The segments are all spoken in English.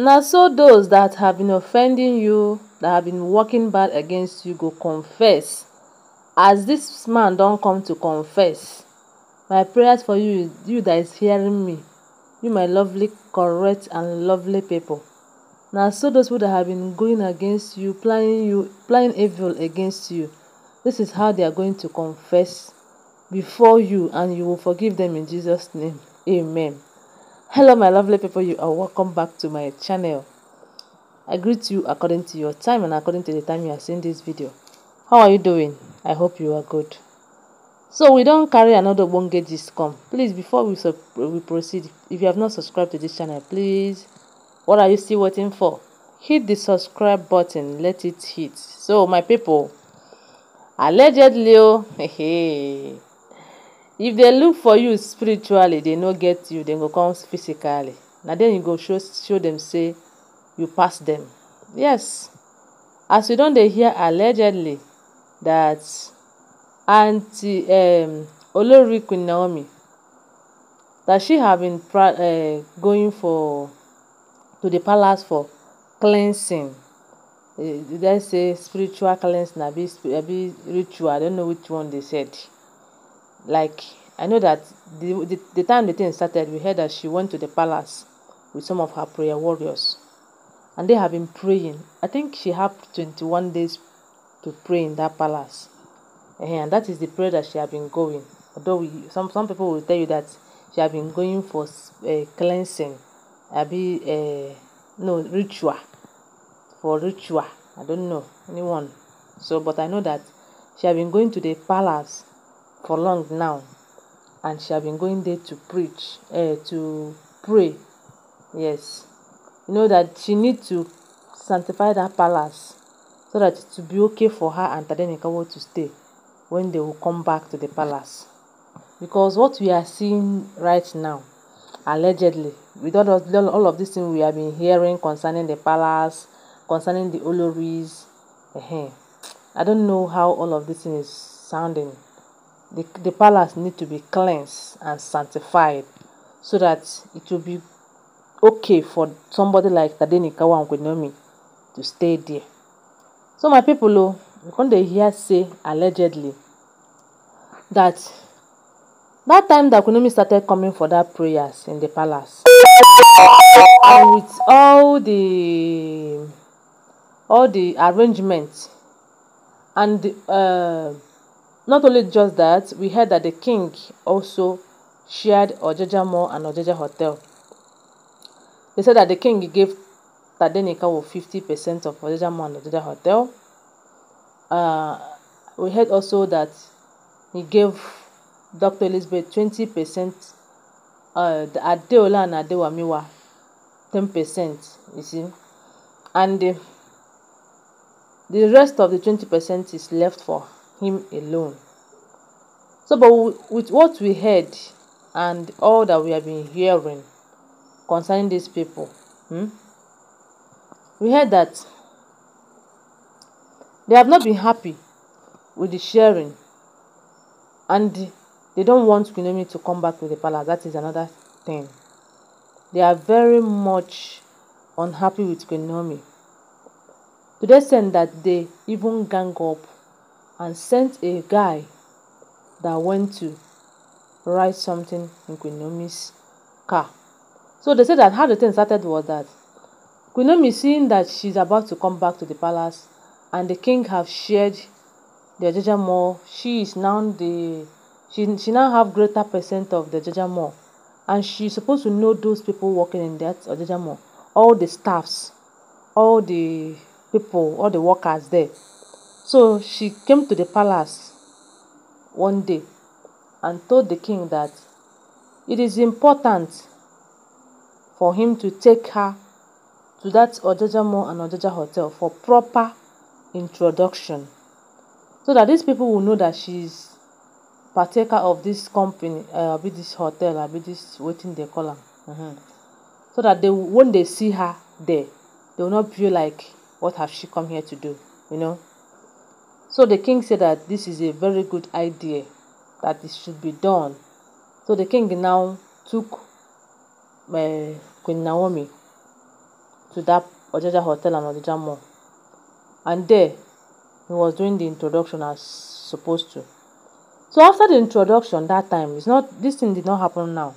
Na so those that have been offending you that have been working bad against you go confess as this man don't come to confess. My prayers for you, you that is hearing me, you my lovely correct and lovely people. Now, so those who that have been going against you, planning you, planning evil against you, this is how they are going to confess before you and you will forgive them in Jesus name. Amen hello my lovely people you are welcome back to my channel i greet you according to your time and according to the time you are seeing this video how are you doing i hope you are good so we don't carry another bonge this come please before we we proceed if you have not subscribed to this channel please what are you still waiting for hit the subscribe button let it hit so my people allegedly oh, hey if they look for you spiritually they no get you dem go come physically na then you go show show them. say you pass them. yes as we don dey hear allegedly that aunty um olori queen naomi that she have been um going for to the palace for cleansing e eh, dey say spiritual cleansing abi abi ritual i don't know which one they said Like, I know that the, the, the time the thing started, we heard that she went to the palace with some of her prayer warriors. And they have been praying. I think she had 21 days to pray in that palace. And that is the prayer that she had been going. Although we, some, some people will tell you that she had been going for uh, cleansing, abi, uh, no, ritual. For ritual. I don't know, anyone. So, but I know that she had been going to the palace for long now and she had been going there to preach uh, to pray yes you know that she need to sanctify that palace so that it will be okay for her and Tadenikawa to stay when they will come back to the palace because what we are seeing right now allegedly with all of, all of this thing we have been hearing concerning the palace concerning the oloris uh -huh. i don't know how all of this thing is sounding the, the palace need to be cleansed and sanctified so that it will be okay for somebody like Tadenikawa and Kwenomi to stay there. So my people, oh, when they hear say allegedly that that time that Kunomi started coming for that prayers in the palace, and with all the all the arrangements and the, uh, not only just that, we heard that the king also shared Ojeja Mall and Ojeja Hotel. They said that the king gave Tadenikawo 50% of Ojeja Mall and Ojeja Hotel. Uh, we heard also that he gave Dr. Elizabeth 20%, uh, the Adeola and Adewamiwa 10%, you see. And the, the rest of the 20% is left for him alone. So, but with what we heard and all that we have been hearing concerning these people, hmm, we heard that they have not been happy with the sharing and they don't want Kunomi to come back to the palace. That is another thing. They are very much unhappy with Kunomi. To the extent that they even gang up and sent a guy that went to write something in Quinomi's car. So they said that how the thing started was that Quinomi seeing that she's about to come back to the palace and the king have shared the Jaja more, she is now the she, she now have greater percent of the Jaja more and she's supposed to know those people working in that more. all the staffs, all the people, all the workers there. So she came to the palace one day and told the king that it is important for him to take her to that Ojaja Mall and Ojaja Hotel for proper introduction so that these people will know that she is partaker of this company, uh, be this hotel, uh, be this waiting they call her. Mm -hmm. So that they when they see her there, they will not feel like what have she come here to do, you know. So the king said that this is a very good idea, that it should be done. So the king now took uh, Queen Naomi to that Ojaja Hotel and Ojaja Mall. And there, he was doing the introduction as supposed to. So after the introduction that time, it's not this thing did not happen now.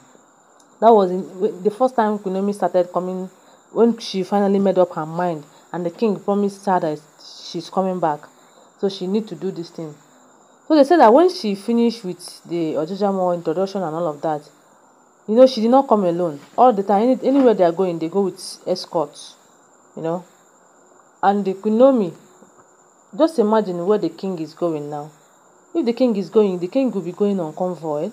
That was in, the first time Queen Naomi started coming, when she finally made up her mind, and the king promised her that she's coming back so she need to do this thing so they said that when she finished with the Ojojamo introduction and all of that you know she did not come alone all the time any, anywhere they are going they go with escorts you know and the kunomi just imagine where the king is going now if the king is going the king will be going on convoy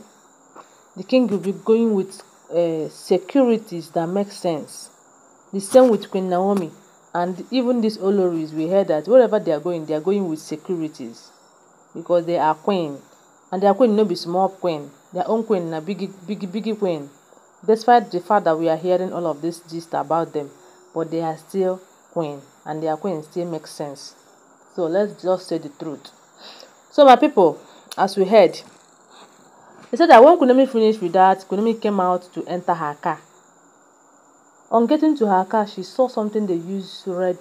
the king will be going with uh, securities that make sense the same with queen naomi and even these oloris we heard that wherever they are going they are going with securities because they are queen and their queen no be small queen their own queen na big big big queen despite the fact that we are hearing all of this gist about them but they are still queen and their queen still makes sense so let's just say the truth so my people as we heard they said that when Kunemi finished with that Kunemi came out to enter her car on getting to her car, she saw something they used red,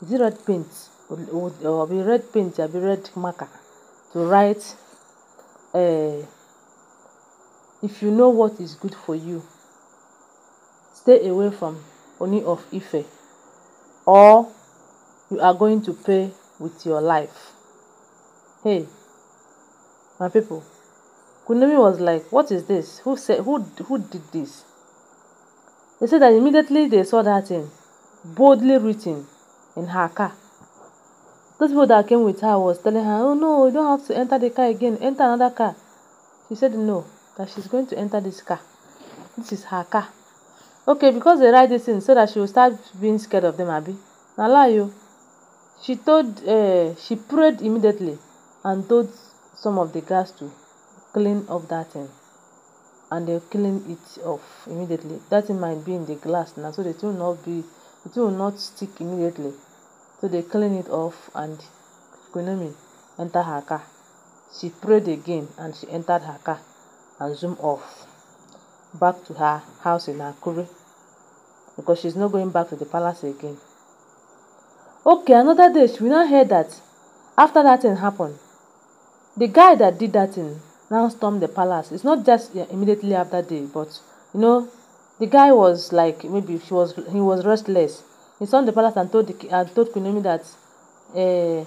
is it red paint? Or, or, red paint, or red marker to write, uh, if you know what is good for you, stay away from Oni of Ife, or you are going to pay with your life. Hey, my people, Kunemi was like, what is this? Who said, who, who did this? They said that immediately they saw that thing, boldly written in her car. Those people that came with her was telling her, oh no, you don't have to enter the car again, enter another car. She said no, that she's going to enter this car. This is her car. Okay, because they write this in so that she will start being scared of them, Abby. Now lie you. She told, uh, she prayed immediately and told some of the guys to clean up that thing and they're killing it off immediately that thing might be in the glass now so the thing will not be the thing will not stick immediately so they're it off and Konami entered her car she prayed again and she entered her car and zoomed off back to her house in Akure because she's not going back to the palace again okay another day she will not hear that after that thing happened the guy that did that thing now stormed the palace. It's not just yeah, immediately after day, but you know, the guy was like maybe she was he was restless. He stormed the palace and told the, and told Queen that uh,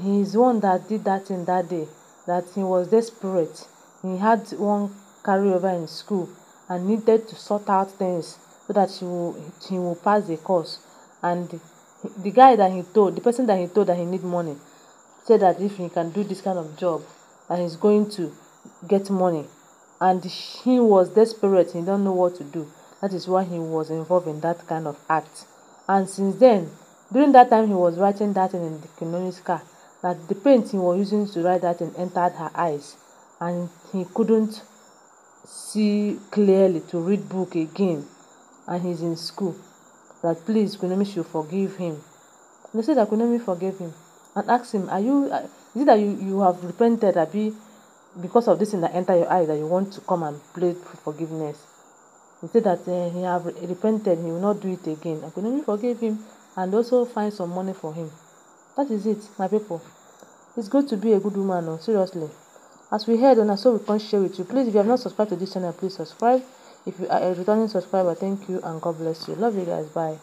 he's one that did that in that day. That he was desperate. He had one carryover in school and needed to sort out things so that he will he will pass the course. And the, the guy that he told, the person that he told that he need money, said that if he can do this kind of job, and he's going to get money and he was desperate he don't know what to do that is why he was involved in that kind of act and since then during that time he was writing that in the Kinoni's car that the paint he was using to write that in entered her eyes and he couldn't see clearly to read book again and he's in school that please Kunomi should forgive him they said that Kunomi forgave him and asked him are you is it that you, you have repented, be, because of this thing that enter your eye that you want to come and plead for forgiveness? He said that uh, he have repented, he will not do it again. I could only forgive him and also find some money for him. That is it, my people. It's good to be a good woman, no? Oh, seriously. As we heard, and so we can share with you. Please, if you have not subscribed to this channel, please subscribe. If you are a returning subscriber, thank you and God bless you. Love you guys. Bye.